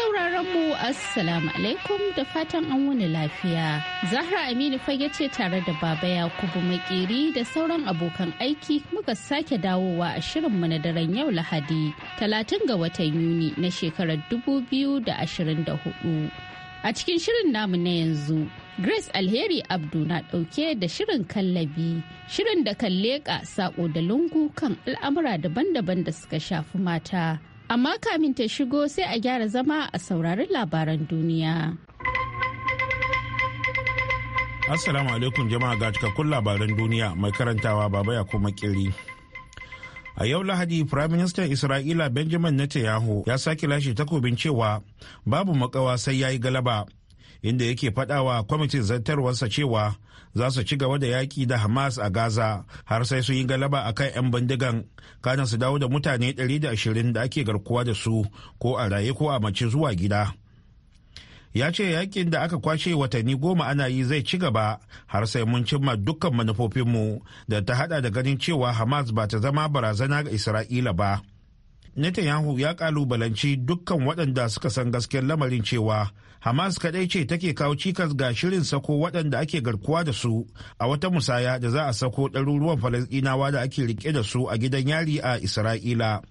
sauraron mu assalamu alaikum da fatan an wuni lafiya. Zahra Aminu fage ce tare da Baba Yakubu Maƙiri da sauran abokan aiki muka sake dawowa a shirinmu na daren yau Lahadi, talatin ga watan Yuni na shekarar dubu biyu da da ashirin hudu. A cikin shirin namu na yanzu, Grace Alheri Abdu na ɗauke da shirin kallabi, shirin da kan leƙa saƙo da lungu kan al'amura daban-daban da suka shafi mata. Amma kamin ta shigo sai a gyara zama a saurarin labaran duniya. Assalamu alaikum jama'a ga cikakkun labaran duniya mai karantawa baba ya kuma kiri. A yau Lahadi, Firaministan Isra'ila Benjamin Netanyahu ya sake lashe takobin cewa babu makawa sai ya yi galaba inda yake fadawa kwamitin zartarwarsa cewa za su ci gaba da yaƙi da hamas a gaza har sai su yi galaba a kan 'yan bindigan kanan su dawo da mutane 120 da ake garkuwa da su ko a raye ko a mace zuwa gida ya ce yakin da aka kwashe watanni goma ana yi zai ci gaba har sai mun cimma dukkan manufofinmu da ta hada da ganin cewa hamas ba ta zama barazana ga isra'ila ba netanyahu ya kalubalanci dukkan waɗanda suka san gaskiyar lamarin cewa Hamas kadai ce take kawo cikas ga shirin sako waɗanda ake garkuwa da su a wata musaya da za a sako ɗaruruwan Falasɗinawa da ake rike da su a gidan yari a Isra'ila.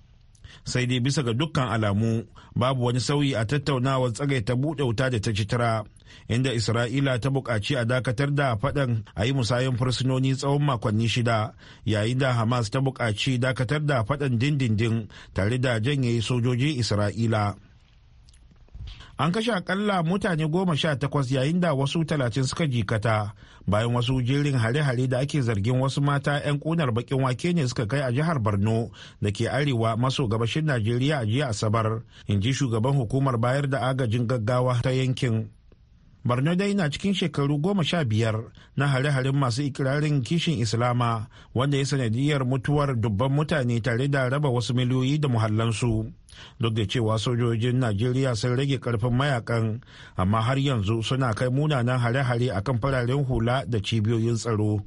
Sai dai bisa ga dukkan alamu babu wani sauyi a tattaunawar tsagaita buɗe wuta da ta citara inda Isra'ila ta buƙaci a dakatar da faɗan a yi musayan fursunoni tsawon makonni shida yayin da Hamas ta buƙaci dakatar da faɗan dindindin tare da janye sojojin Isra'ila. an kashe akalla mutane goma sha takwas yayin da wasu talatin suka jikata bayan wasu jerin hare-hare da ake zargin wasu mata 'yan kunar bakin wake ne suka kai a jihar borno da ke arewa maso gabashin najeriya a jiya asabar in ji shugaban hukumar bayar da agajin gaggawa ta yankin Borno dai na cikin shekaru goma sha biyar na hare-haren masu ikirarin kishin Islama wanda ya sanadiyar mutuwar dubban mutane tare da raba wasu miliyoyi da muhallansu. duk da cewa sojojin najeriya sun rage karfin mayakan amma har yanzu suna kai munanan hare-hare a kan fararen hula da cibiyoyin tsaro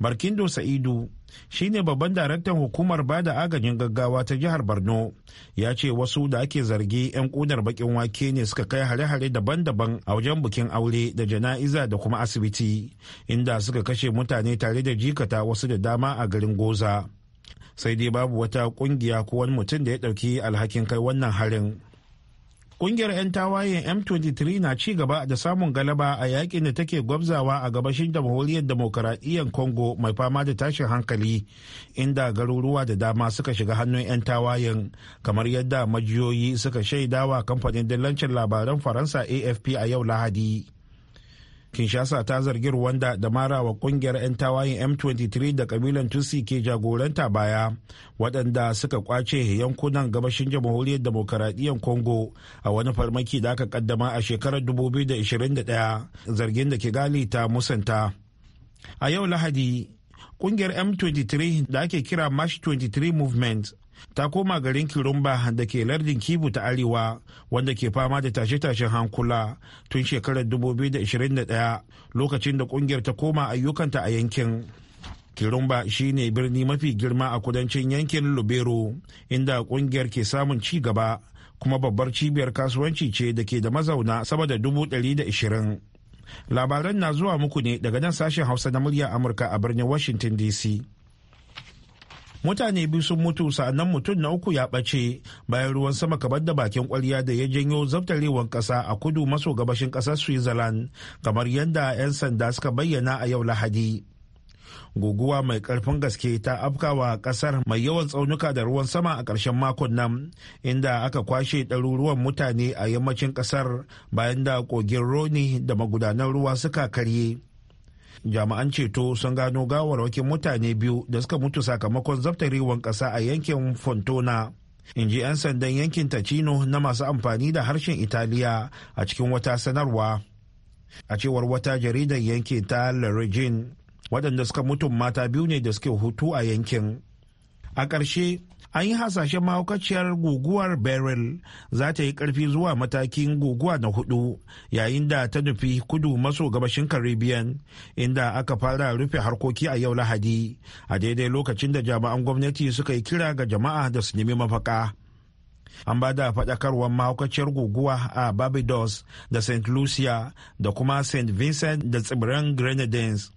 barkindo sa'idu shine babban daraktan hukumar ba da agajin gaggawa ta jihar borno ya ce wasu da ake zargi 'yan kunar bakin wake ne suka kai hare-hare daban-daban a wajen bukin aure da jana'iza da kuma asibiti inda suka kashe mutane tare da jikata wasu da dama a garin goza sai dai babu wata kungiya ko wani mutum da ya ɗauki alhakin kai wannan harin kungiyar 'yan tawayen m23 na ci gaba da samun galaba a yakin da take gwabzawa a gabashin jamhuriyar demokaradiyyar congo mai fama da tashin hankali inda garuruwa da dama suka shiga hannun 'yan tawayen kamar yadda majiyoyi suka shaidawa kamfanin dillancin labaran faransa afp a yau lahadi kinshasa ta zargi rwanda da marawa kungiyar 'yan tawayin m23 da kabilan tutsi ke jagoranta baya waɗanda suka kwace yankunan gabashin jamhuriyar demokaradiyyar congo a wani farmaki da aka kaddama a shekarar 2021 zargin da kigali ta musanta a yau lahadi kungiyar m23 da ake kira march 23 movement ta koma garin kirumba da ke lardin kibu ta arewa wanda ke fama da tashe-tashen hankula tun shekarar 2021 lokacin da kungiyar ta koma ayyukanta a yankin kirumba shine birni mafi girma a kudancin yankin lubero inda kungiyar ke samun ci gaba kuma babbar cibiyar kasuwanci ce da ke da mazauna sama da ishirin. labaran na zuwa muku ne daga nan sashen hausa na murya amurka a birnin washington dc mutane biyu sun mutu sa'annan mutum na uku ya ɓace bayan ruwan sama kamar da bakin kwarya da ya janyo zabtarewar ƙasa a kudu maso gabashin ƙasar switzerland kamar yadda 'yan sanda suka bayyana a yau lahadi guguwa mai karfin gaske ta afkawa kasar mai yawan tsaunuka da ruwan sama a ƙarshen makon nan inda aka kwashe ɗaruruwan mutane a yammacin kasar bayan da kogin roni da magudanan ruwa suka karye jami'an ceto sun gano gawarwakin mutane biyu da suka mutu sakamakon zaftarewan ƙasa a yankin fontona in ji 'yan sandan yankin tacino na masu amfani da harshen italiya a cikin wata sanarwa a cewar wata jaridar yankin ta larijin waɗanda suka mutu mata biyu ne da suke hutu a yankin a ƙarshe an yi hasashen mahaukaciyar guguwar beryl za ta yi karfi zuwa matakin guguwa na hudu yayin da ta nufi kudu maso gabashin caribbean inda aka fara rufe harkoki a yau lahadi a daidai lokacin da jami'an gwamnati suka yi kira ga jama'a da su nemi mafaka an ba da faɗakarwar mahaukaciyar guguwa a barbados da st lucia da kuma st vincent da tsibiran grenadines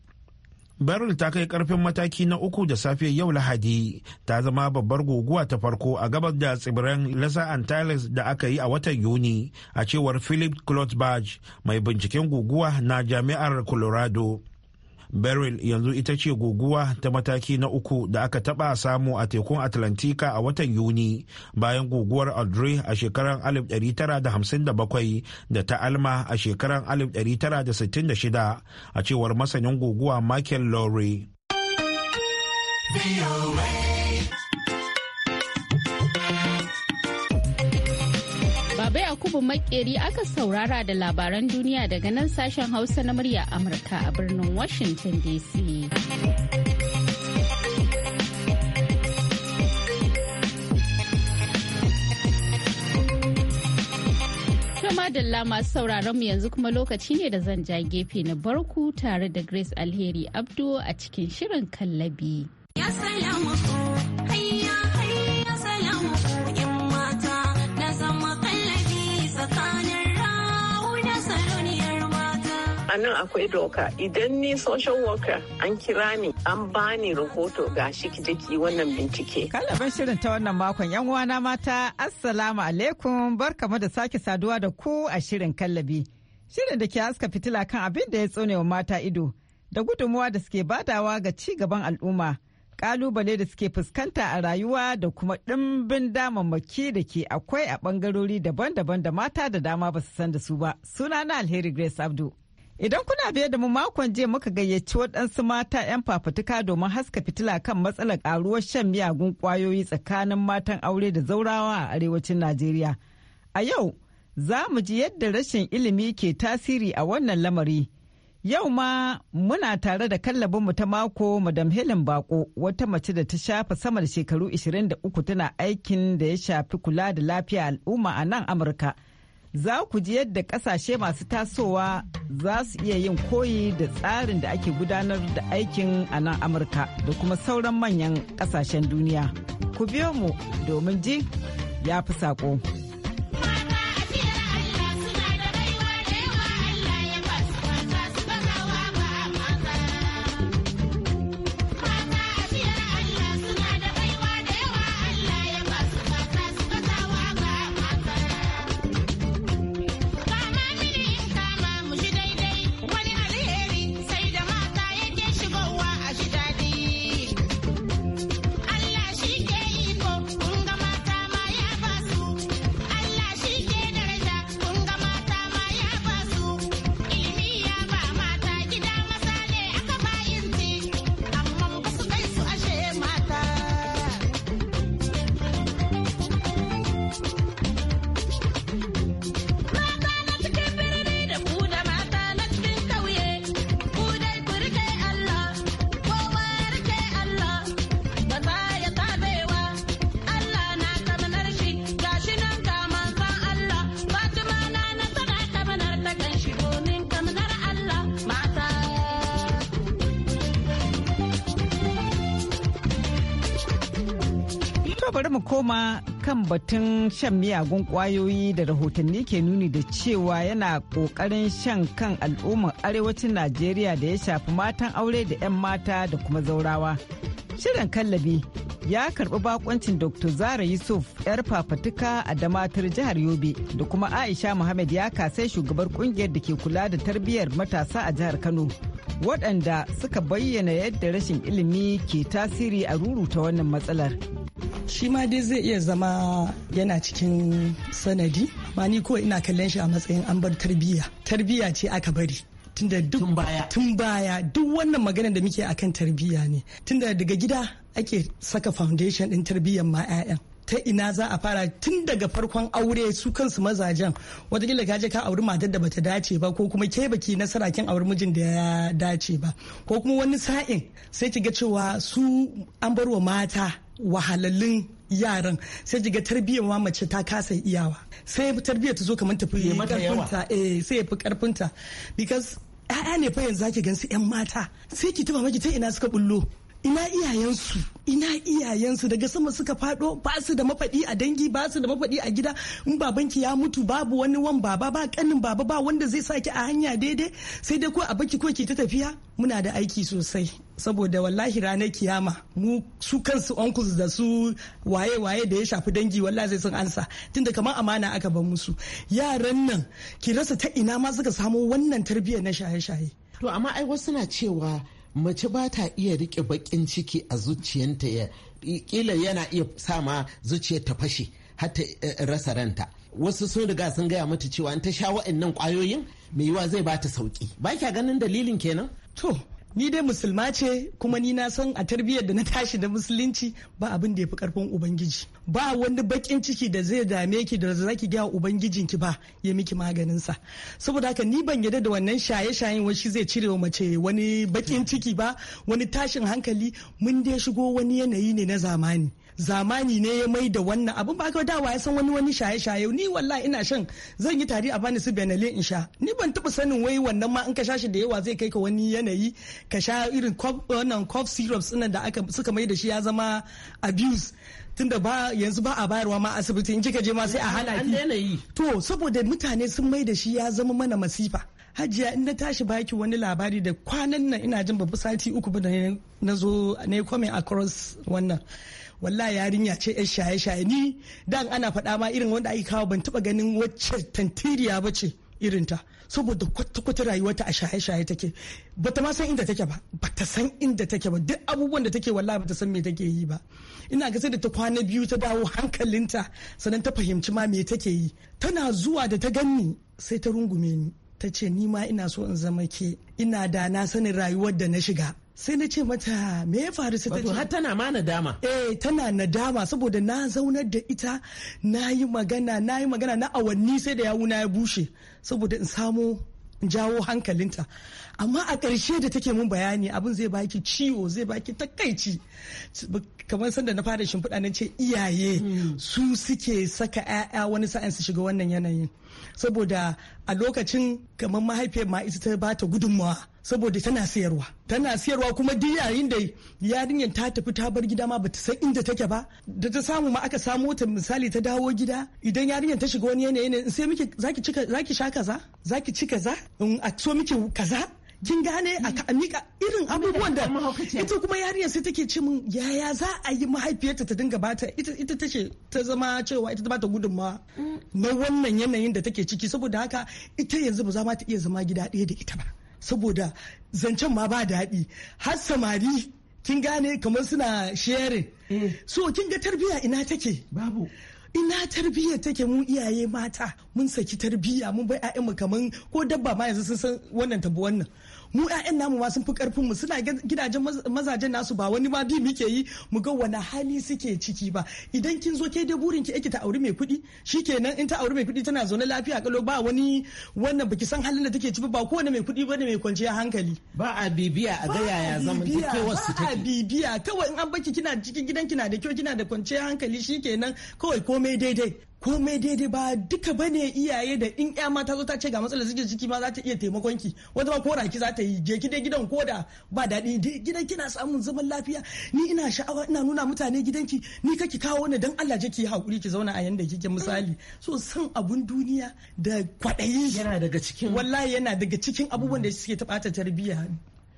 Beryl ta kai karfin mataki na uku da safiyar yau Lahadi ta zama babbar guguwa ta farko a gabas da tsibiran Lasa Antilles da aka yi a watan Yuni a cewar Philip Klotzbach mai binciken guguwa na Jami'ar Colorado. beryl yanzu ita ce guguwa ta mataki na uku da aka taɓa samu a tekun atlantika a watan yuni bayan guguwar audrey a shekarar 1957 da ta alma a shekarar 1966 a cewar masanin guguwa michael lowry. Yakubu Makeri aka saurara da labaran duniya daga nan sashen Hausa na murya Amurka a birnin Washington DC. madalla masu sauraron mu yanzu kuma lokaci ne da zan ja gefe na barku tare da Grace Alheri Abdu a cikin shirin kallabi. Ya a nan akwai doka idan ni social worker an kira ni an bani rahoto ga shi ki ki wannan bincike kalaban shirin ta wannan makon yan uwana mata assalamu alaikum barkamu da sake saduwa da ku a shirin kallabi shirin da ke haska fitila kan abin da ya tsone wa mata ido da gudunmuwa da suke badawa ga ci gaban al'umma kalubale da suke fuskanta a rayuwa da kuma ɗimbin damammaki da ke akwai a ɓangarori daban-daban da mata da dama ba su san da su ba sunana alheri grace abdu Idan kuna biye da mu makon jiya muka gayyaci waɗansu mata 'yan fafutuka domin haska fitila kan matsalar ƙaruwar shan miyagun ƙwayoyi tsakanin matan aure da zaurawa a arewacin Najeriya. A yau, za mu ji yadda rashin ilimi ke tasiri a wannan lamari. Yau ma muna tare da mu ta mako Madam Helen Bako wata mace da ta shafa sama da shekaru 23 tana aikin da ya shafi kula da lafiya al'umma a nan Amurka. za ku ji yadda kasashe masu tasowa za su iya yin koyi da tsarin da ake gudanar da aikin a nan amurka da kuma sauran manyan kasashen duniya ku biyo mu domin ji ya fi saƙo. koma kan batun shan miyagun kwayoyi da rahotanni ke nuni da cewa yana kokarin shan kan al'ummar arewacin najeriya da ya shafi matan aure da 'yan mata da kuma zaurawa shirin kallabi ya karbi bakoncin dr zara yusuf yar fafatuka a damatar jihar yobe da kuma aisha muhammad ya kasai shugabar kungiyar da ke kula da tarbiyyar matasa a jihar kano waɗanda suka bayyana yadda rashin ilimi ke tasiri a ruruta wannan matsalar shi ma dai zai iya zama yana cikin sanadi ma ni ko ina kallon shi a matsayin an bar tarbiyya tarbiyya ce aka bari tunda duk tun baya duk wannan maganar da muke akan tarbiyya ne tunda daga gida ake saka foundation din tarbiyyar ma 'ya'yan ta ina za a fara tun daga farkon aure su kansu mazajen watakila ka je ka auri matar da bata dace ba ko kuma ke baki nasara sarakin auri mijin da ya dace ba ko kuma wani sa'in sai ki ga cewa su an bar wa mata wahalallun yaran sai kiga tarbiyyar ma mace ta kasa iyawa sai tarbiyyar ta zo kamar tafi karfinta eh sai ya fi karfinta because ya'ya ne fa yanzu ake gansu 'yan mata sai ki tuba maki ta ina suka bullo ina iyayensu ina iyayensu daga sama suka fado ba su da mafaɗi a dangi ba su da mafaɗi a gida in babanki ya mutu babu wani wan baba ba kanin baba ba wanda zai saki a hanya daidai sai dai ko a baki ko ki ta tafiya muna da aiki sosai saboda wallahi ranar kiyama mu su kansu uncles da su waye waye da ya shafi dangi wallahi zai san ansa tunda kamar amana aka ban musu yaran nan ki rasa ta ina ma suka samo wannan tarbiyyar na shaye-shaye to amma ai wasu na cewa mace ba ta iya rike bakin ciki a zuciyanta ya kila yana iya sa ma zuciyar ta fashe har ta eh, eh, rasa ranta wasu sun riga sun gaya mata cewa an ta sha wa'annan kwayoyin mai yiwa zai ba ta sauki ba ganin dalilin kenan to ni dai musulma ce kuma ni na san a tarbiyyar da na tashi da musulunci ba abin da ya fi karfin ubangiji ba wani bakin ciki da zai dame ki da za ki gaya ki ba ya miki maganinsa saboda haka ni ban yarda da wannan shaye-shayen wani zai cire wa mace wani bakin ciki ba wani tashin hankali mun dai shigo wani yanayi ne na zamani zamani ne ya mai da wannan abin ba ka dawa ya san wani wani shaye-shaye ni wallahi ina shan zan yi tari a bani su benale in sha ni ban taba sanin wai wannan ma in ka sha shi da yawa zai kai ka wani yanayi ka sha irin wannan cop syrups ɗin da aka suka mai da shi ya zama abuse tunda ba yanzu ba a bayarwa ma asibiti in kika je ma sai a hana ki to saboda mutane sun mai da shi ya zama mana masifa hajiya in na tashi baki wani labari da kwanan nan ina jin babu sati uku ba da na zo na yi a across wannan Walla yarinya ce yan shaye-shaye ni dan ana faɗa ma irin wanda ake kawo ban taɓa ganin wacce tantiriya ba ce irinta saboda kwata-kwata rayuwarta a shaye-shaye take bata ma san inda take ba bata san inda take ba duk abubuwan da take wallahi bata san me take yi ba ina ga sai da ta kwana biyu ta dawo hankalinta sannan ta fahimci ma me take yi tana zuwa da ta ganni sai ta rungume ni ta ce ni ma ina so in zama ke ina da na sanin rayuwar da na shiga sai na ce mata me ya faru sai ta ce har tana ma nadama eh tana nadama saboda na zaunar da ita na yi magana na yi magana na awanni sai da yawu na ya bushe saboda in samo jawo hankalinta amma a ƙarshe da take mun bayani abin zai baki ciwo zai baki takaici kamar sanda na fara shimfiɗa na ce iyaye hmm. su suke saka 'ya'ya wani sa'an su shiga wannan yanayin saboda a lokacin kamar mahaifiyar ma ita ta bata gudunmawa saboda tana sayarwa tana sayarwa kuma duk yayin da yarinyar ta tafi ta bar gida ma bata san inda take ba da ta samu ma aka samo ta misali ta dawo gida idan yarinyar ta shiga wani yanayi ne sai miki zaki cika zaki sha kaza zaki ci kaza in a so miki kaza kin gane a mika irin abubuwan da ita kuma yarinyar sai take ce min yaya za a yi mahaifiyarta ta dinga bata ita ita tace ta zama cewa ita ta bata gudunma na wannan yanayin da take ciki saboda haka ita yanzu ba za ma ta iya zama gida ɗaya da ita ba saboda zancen ma ba daɗi har samari kin gane kamar suna sharing eh. so kin ga tarbiyya ina take babu ina tarbiyya take mu iyaye mata mun saki tarbiyya mun bai mu kaman ko dabba ma yanzu sun san wannan tabi wannan mu yayan namu ma sun fi karfin mu suna gidajen mazajen nasu ba wani ma bi muke yi mu ga wani hali suke ciki ba idan kin zo ke dai burin ki ake ta auri mai kuɗi shikenan in ta auri mai kuɗi tana zaune lafiya kalo ba wani wannan baki san halin da take ciki ba wani mai kuɗi ne mai kwanciya hankali ba a bibiya a ga yaya zaman take wasu take ba a bibiya kawai in an baki kina cikin gidan kina da kyau kina da kwanciyar hankali shikenan kawai komai daidai komai daidai ba duka bane iyaye da in ya mata zo ta ce ga matsalar zikin ciki ma za ta iya taimakon ki wata ma ko raki za ta yi je ki dai gidan ko da ba daɗi gidan kina samun zaman lafiya ni ina sha'awa ina nuna mutane gidanki ni ki kawo ni dan Allah je ki hakuri ki zauna a yanda kike misali so san abun duniya da kwaɗayi yana daga cikin wallahi yana daga cikin abubuwan da suke taɓata tarbiyya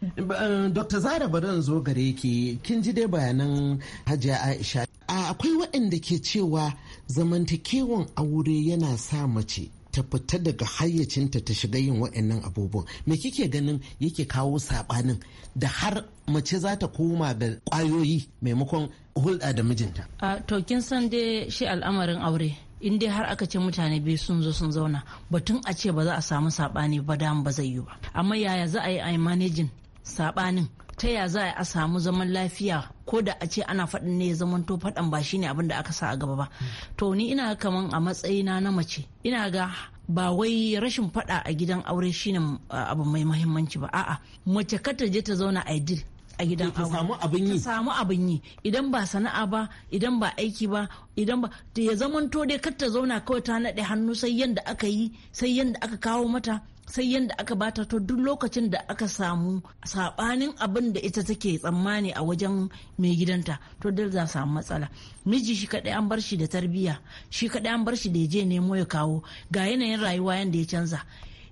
eh, Dr. Zara Baran zo gare ki kin ji dai bayanan Hajiya Aisha akwai waɗanda ke cewa zamantakewan aure yana sa mace ta fita daga hayyacinta ta shiga yin wa'annan abubuwan me kike ganin yake kawo saɓanin da har mace za ta koma ga kwayoyi maimakon hulɗa da mijinta a to kin san dai shi al'amarin aure in dai har aka ce mutane biyu sun zo sun zauna batun a ce ba za a samu saɓani ba dam ba zai yi ba amma yaya za a yi manajin manejin saɓanin ta ya za a samu zaman lafiya ko da a ce ana faɗin ne ya zamanto faɗan ba shine abin da aka sa a gaba ba to ni ina kaman a matsayina na mace ina ga ba wai rashin faɗa a gidan aure shine abu mai mahimmanci ba a'a mace ta je ta zauna a ideal a gidan aure samu samu abin yi idan ba sana'a ba idan ba aiki ba idan ba ya zamanto dai kar ta zauna kawai ta naɗe hannu sai yanda aka yi sai yanda aka kawo mata sai yadda aka bata to duk lokacin da aka samu sabanin abin da ita take tsammani a wajen mai gidanta to duk za samu matsala miji shi kadai an bar shi da tarbiyya shi kadai an bar shi da ya je nemo ya kawo ga yanayin rayuwa yadda ya canza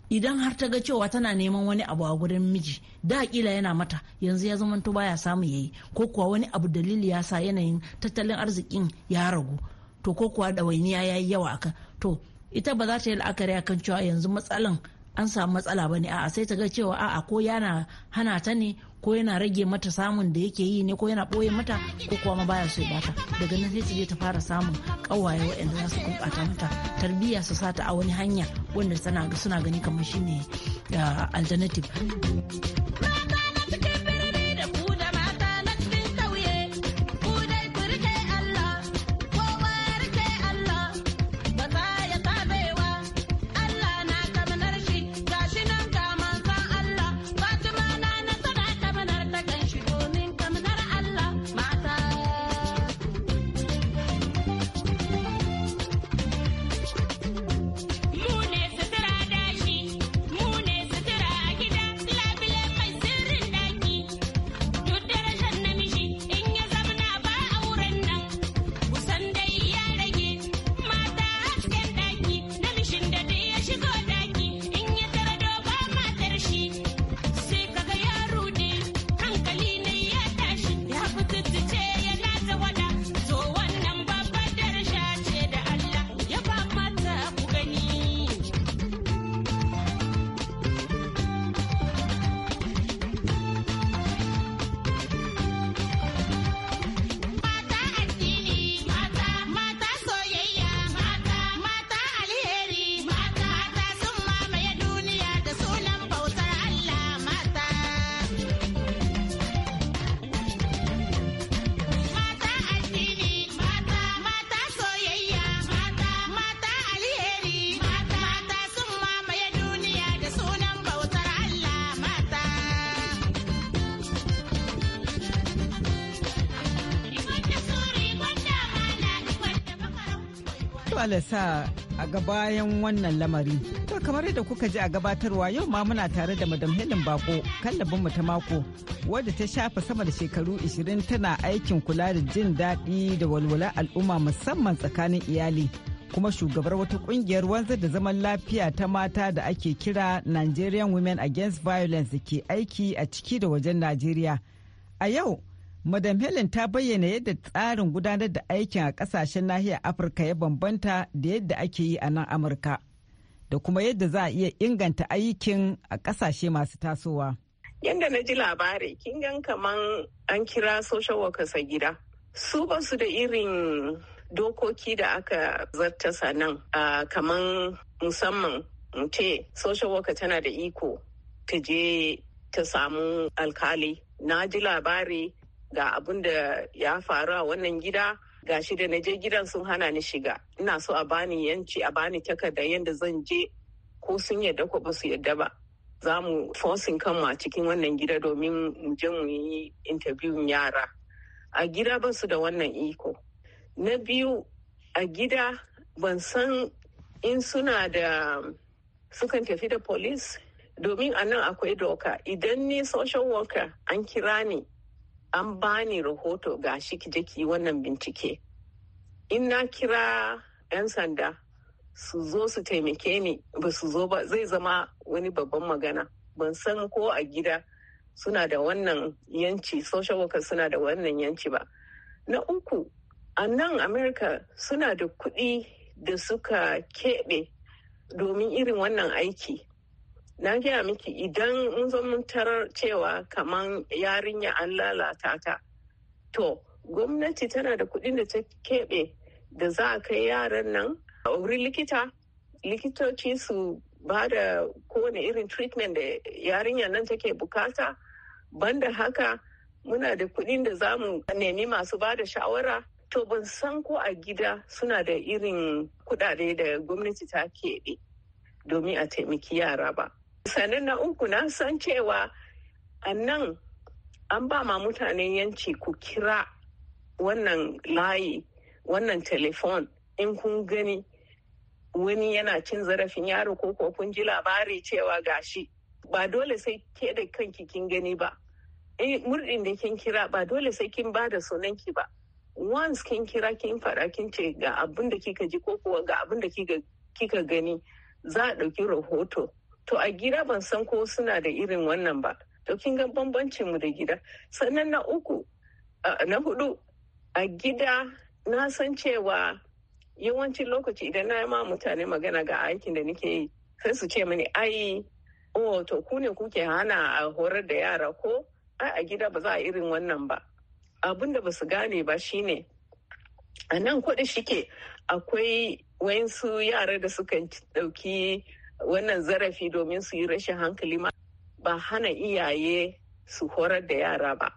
idan har ta ga cewa tana neman wani abu a gurin miji da kila yana mata yanzu ya zama to baya samu yayi ko kuwa wani abu dalili ya sa yanayin tattalin arzikin ya ragu to ko kuwa ɗawainiya ya yi yawa akan to ita ba za ta yi la'akari akan cewa yanzu matsalan an samu matsala bane a'a sai ta ga cewa a'a ko yana hana ta ne ko yana rage mata samun da yake yi ne ko yana ɓoye mata ko kuwa ma baya so ya bata daga nan sai ta je ta fara samun ƙawaye waɗanda za su gurɓata mata tarbiyya su sata a wani hanya wanda suna gani kamar shine ah, alternative Allah sa a gabayan wannan lamari. To kamar yadda kuka ji a gabatarwa yau ma muna tare da Madam Helen Bako kallabin mu ta mako wadda ta shafa sama da shekaru 20 tana aikin kula da jin daɗi da walwala al'umma musamman tsakanin iyali. kuma shugabar wata kungiyar wanzar da zaman lafiya ta mata da ake kira Nigerian Women Against Violence da ke aiki a ciki da wajen Najeriya. A yau Madam Helen ta bayyana yadda tsarin gudanar da aikin a kasashen nahiyar Afirka ya bambanta da yadda ake yi a nan Amurka da kuma yadda za a iya inganta aikin a kasashe masu tasowa. Yadda na ji labari, kin gan kaman an kira social workers a gida. Su ba su da irin dokoki da aka zartasa nan kaman musamman ce social worker tana da iko ta je ta samu alkali. Na ji labari ga abun da ya faru a wannan gida ga shi da na je gidan sun hana ni shiga ina so a bani yanci a bani takarda yadda zan je ko sun yarda ko ba su yadda ba za mu fosin kanmu a cikin wannan gida domin mu je mu yi interview yara a gida ba su da wannan iko na biyu a gida ban san in suna da sukan tafi da police domin a nan akwai doka idan ni social worker an kira ni an bani rahoto ga shi ki wannan bincike in na kira 'yan sanda su zo su taimake ni ba su zo ba zai zama wani babban magana ban san ko a gida suna da wannan yanci social workers suna da wannan yanci ba na uku a nan america suna da kuɗi da suka keɓe domin irin wannan aiki na gaya miki idan mun zo mun tarar cewa kaman yarinya an lalata ta to gwamnati tana da kuɗin da ta keɓe da za a kai yaran nan a wurin likita likitoci su ba da kowane irin treatment da yarinya nan take bukata banda haka muna da kuɗin da za mu nemi masu ba da shawara to ban san ko a gida suna da irin kudade da gwamnati ta keɓe domin a taimaki yara ba sannan na uku na san cewa a nan an ba ma mutanen yanci ku kira wannan layi wannan telefon in kun gani wani yana cin zarafin yaro ko ko kun ji labari cewa gashi ba dole sai ke da kanki kin gani ba eh murdin da kin kira ba dole sai kin ba da sunanki ba once kin kira kin fara kin ce ga abin da kika ji ko kuwa ga abin da kika gani za a ɗauki rahoto to a gida ban san ko suna da irin wannan ba to kin ga bambancin mu da gida sannan na uku na hudu a gida na san cewa yawancin lokaci idan na yi ma mutane magana ga aikin da nake yi sai su ce mini ai oh to ku ne kuke hana a horar da yara ko ai a gida ba za a irin wannan ba abin da ba su gane ba shine a nan kuɗi shike akwai wayansu yara da suka ɗauki wannan zarafi domin su yi rashin hankali ma ba hana iyaye su horar da yara ba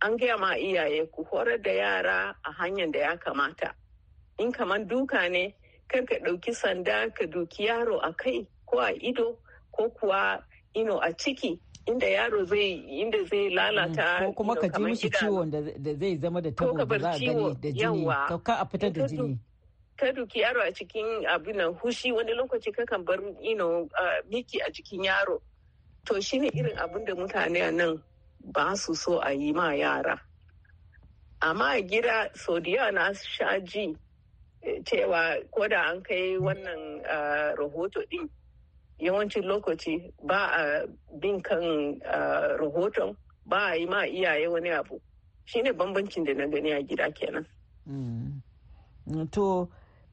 an gaya ma iyaye ku horar da yara a hanyar da ya kamata in kamar duka ne kar ka ɗauki sanda ka duki yaro a kai ko a ido ko kuwa ino a ciki inda yaro zai inda zai lalata mm, ko kuma ka ji musu ciwon da zai zama da tabo da za a gani da jini ka a fitar da jini ka duki yaro a cikin abin nan hushi wani lokaci kakan bar ino miki a cikin yaro to shi ne irin abin da mutane nan ba su so a yi ma yara amma a gida sau da yawa na sha ji eh, cewa ko da an kai wannan rahoto din yawancin lokaci ba a bin kan rahoton ba a yi ma iyaye wani abu shine bambancin da na gani a gida kenan mm. to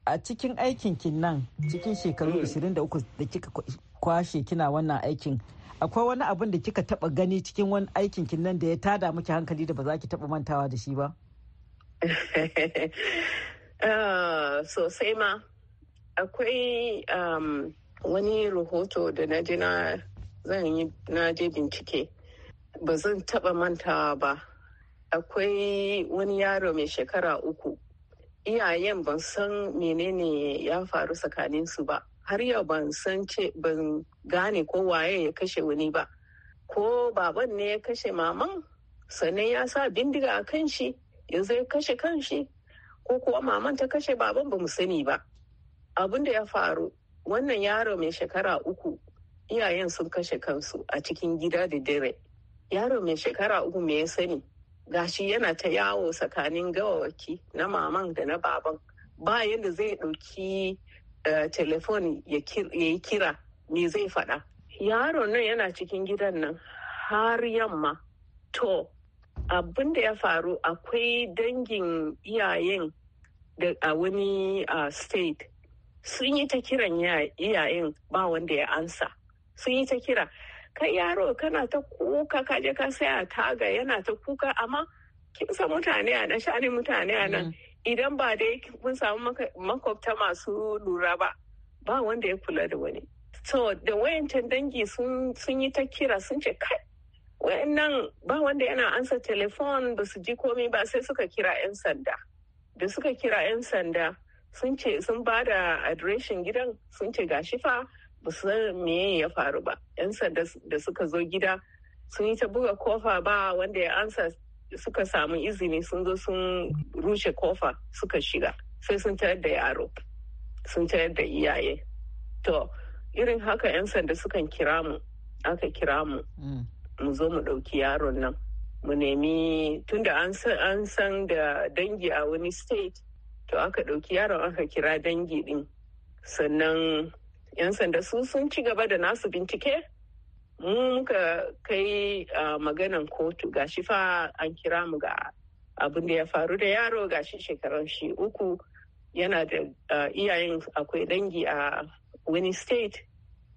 a cikin aikin kin nan cikin shekaru 23 hmm. da kika kwashe kina wannan aikin akwai wani abin da kika taba gani cikin wani aikin kin nan da ya tada miki hankali da ba za ki taba mantawa da shi ba ah, sosai ma akwai um, wani rahoto da na je zan yi na je bincike ba zan taba mantawa ba akwai wani yaro mai shekara uku iyayen ban san menene ya faru tsakanin su ba har yau ban san ce ban gane ko waye ya kashe wani ba ko baban ne ya kashe maman sannan ya sa bindiga a kan shi yanzu ya kashe kan shi ko kuwa maman ta kashe baban ba sani ba abin da ya faru wannan yaro mai shekara uku iyayen sun kashe kansu a cikin gida da dare yaro mai shekara uku me ya sani gashi yana ta yawo tsakanin gawawaki na maman da na baban ba yadda zai ɗauki eh, telefon ya yi kira me zai faɗa yaron nan yana cikin gidan nan har yamma to abin da ya faru akwai dangin iyayen da a wani state sun yi ta kiran iyayen ba wanda ya ansa sun yi ta kira kai yaro kana ta kuka ka je ka saya taga yana ta kuka amma kin san mutane a nan mutane a nan mm. idan ba dai kun samu makwabta masu lura ba ba wanda ya kula da wani so da wayancan dangi sun yi ta kira sun ce kai wayannan ba wanda yana ansa telefon ba su ji komi ba sai suka kira 'yan sanda da suka kira 'yan sanda sun ce sun ba da adireshin gidan sun ce gashi fa ba su san me ya faru ba yan sanda da suka zo gida sun yi ta buga kofa ba wanda ya ansa suka samu izini sun zo sun rushe kofa suka shiga sai sun tayar da yaro sun tayar da iyaye to irin haka yan sanda sukan kira mu aka kira mu mm. mu zo mu ɗauki yaron nan mu nemi tunda an san da dangi a wani state to aka ɗauki yaron aka kira dangi din sannan 'yan sanda su sun ci gaba da nasu bincike mu muka kai maganan kotu gashi fa an kira mu ga abin da ya faru da yaro gashi shekaran shi uku yana da iyayen akwai dangi a wani state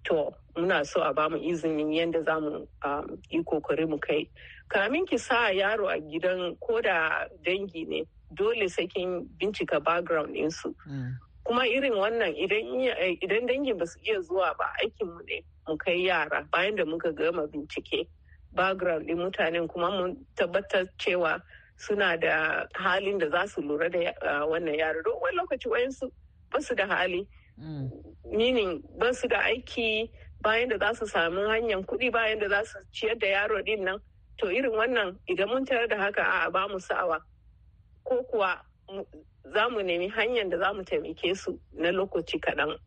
to muna so a bamu izinin yadda za mu yi kokari mu kai kamin ki sa yaro a gidan ko da dangi ne dole sakin bincika background ɗinsu. Mm. kuma irin wannan eh, idan dangi ba su iya zuwa ba aikin mu ne mu kai yara bayan da muka gama bincike background din mutanen kuma mun tabbatar cewa suna da halin da za su lura da wannan yara don lokaci wayansu ba su da hali mm. meaning ba su da aiki bayan da za su samu hanyar kuɗi bayan da za su ciyar da yaro din nan to irin wannan idan mun tare da haka a ba mu sa'awa ko kuwa za mu nemi hanyar da za mu taimake su na lokaci kaɗan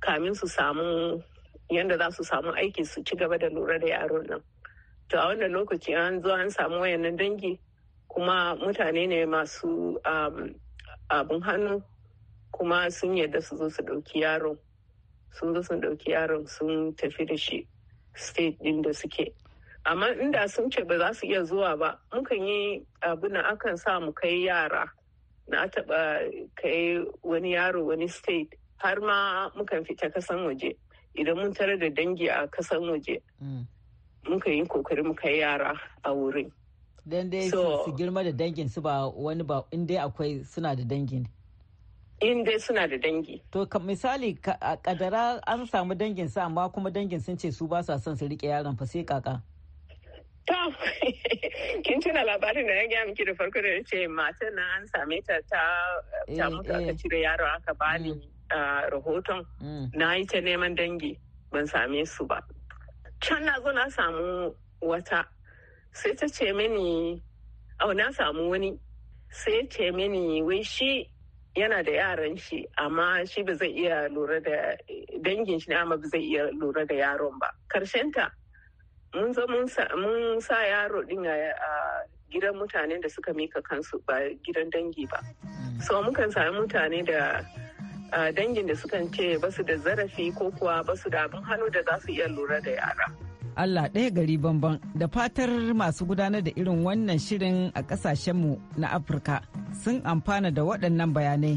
kamin su samu yadda za su samu aiki su ci gaba da lura da yaron nan to a wannan lokaci an zo an samu wayannan dangi kuma mutane ne masu um, abun hannu kuma sun yarda su zo su ɗauki yaron sun zo sun ɗauki yaron sun tafi da shi state ɗin da suke amma inda sun ce ba za su iya zuwa ba mukan yi abu na akan sa mu kai yara na taɓa kai wani yaro wani state har ma mukan fita kasan waje idan mun tare da dangi a kasan waje mm. muka yi kokari muka yara a wurin dan dai su girma da dangin su ba wani ba in dai akwai suna da dangin in dai suna da dangi to misali a kadara an samu dangin su amma kuma dangin sun ce su ba sa son su rike yaron fa sai kaka kin tuna labarin da ya gaya miki da farko da ce mata na an same ta ta eh, mutu aka eh. cire yaro aka bani mm. rahoton mm. na yi ta neman dangi ban same su ba can na zo na samu wata sai ta ce mini au na samu wani sai ce mini wai shi yana da yaran shi amma shi ba zai iya lura da dangin shi ne amma ba zai iya lura da yaron ba karshenta mun mun sa yaro din a gidan mutane da suka mika kansu ba gidan dangi ba so mukan sami mutane da dangin da sukan ce basu da zarafi ko kuwa basu da abin hannu da za su iya lura da yara Allah ɗaya gari bamban da fatar masu gudanar da irin wannan shirin a ƙasashenmu na Afirka sun amfana da waɗannan bayanai.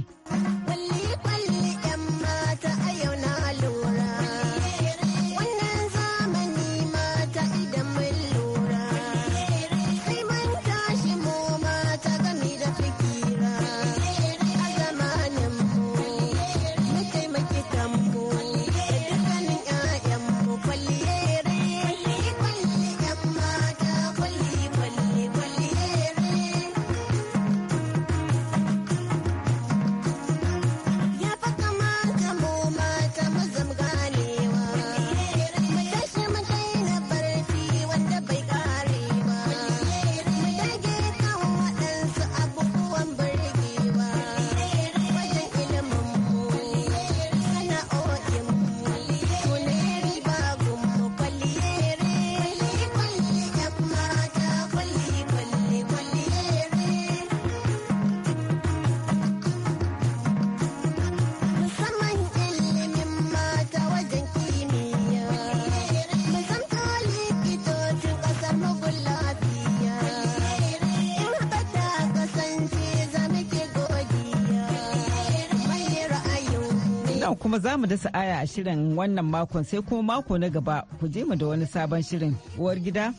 kuma za mu dasa aya a shirin wannan makon sai kuma mako na gaba ku je mu da wani sabon shirin uwar gida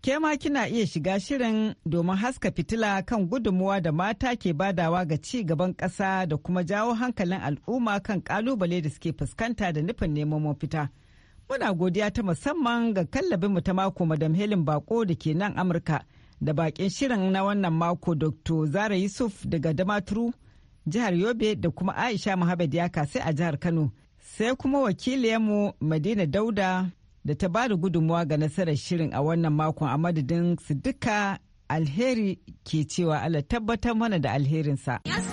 ke ma kina iya shiga shirin domin haska fitila kan gudunmuwa da mata ke badawa ga ci gaban ƙasa da kuma jawo hankalin al'umma kan kalubale da suke fuskanta da nufin neman mafita. Muna godiya ta musamman ga kallabin mu ta mako Madam helin Bako da ke nan Amurka da bakin shirin na wannan mako Dr. Zara Yusuf daga Damaturu jihar Yobe da kuma Aisha Muhammad ya kasai a jihar Kano. Sai kuma wakiliyarmu Madina Dauda da ta ba da gudunmuwa ga nasarar shirin a wannan makon a madadin su duka alheri ke cewa Allah tabbatar mana da alherinsa. Yes,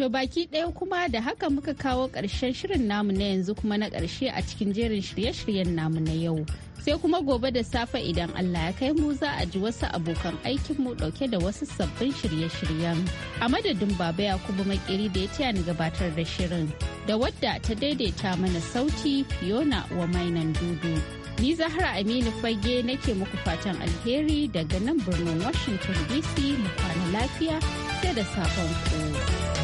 To baki ɗaya kuma da haka muka kawo ƙarshen shirin namu na yanzu kuma na ƙarshe a cikin jerin shirye-shiryen namu na yau. Sai kuma gobe da safe idan Allah ya kai mu za a ji wasu abokan aikinmu ɗauke da wasu sabbin shirye-shiryen. A madadin baba Yakubu kuma makiri da ya taya ni gabatar da shirin. Da wadda ta daidaita mana sauti Fiona wa mainan dudu. Ni Zahra Aminu Fage nake muku fatan alheri daga nan birnin Washington DC mu kwana lafiya sai da safon ku.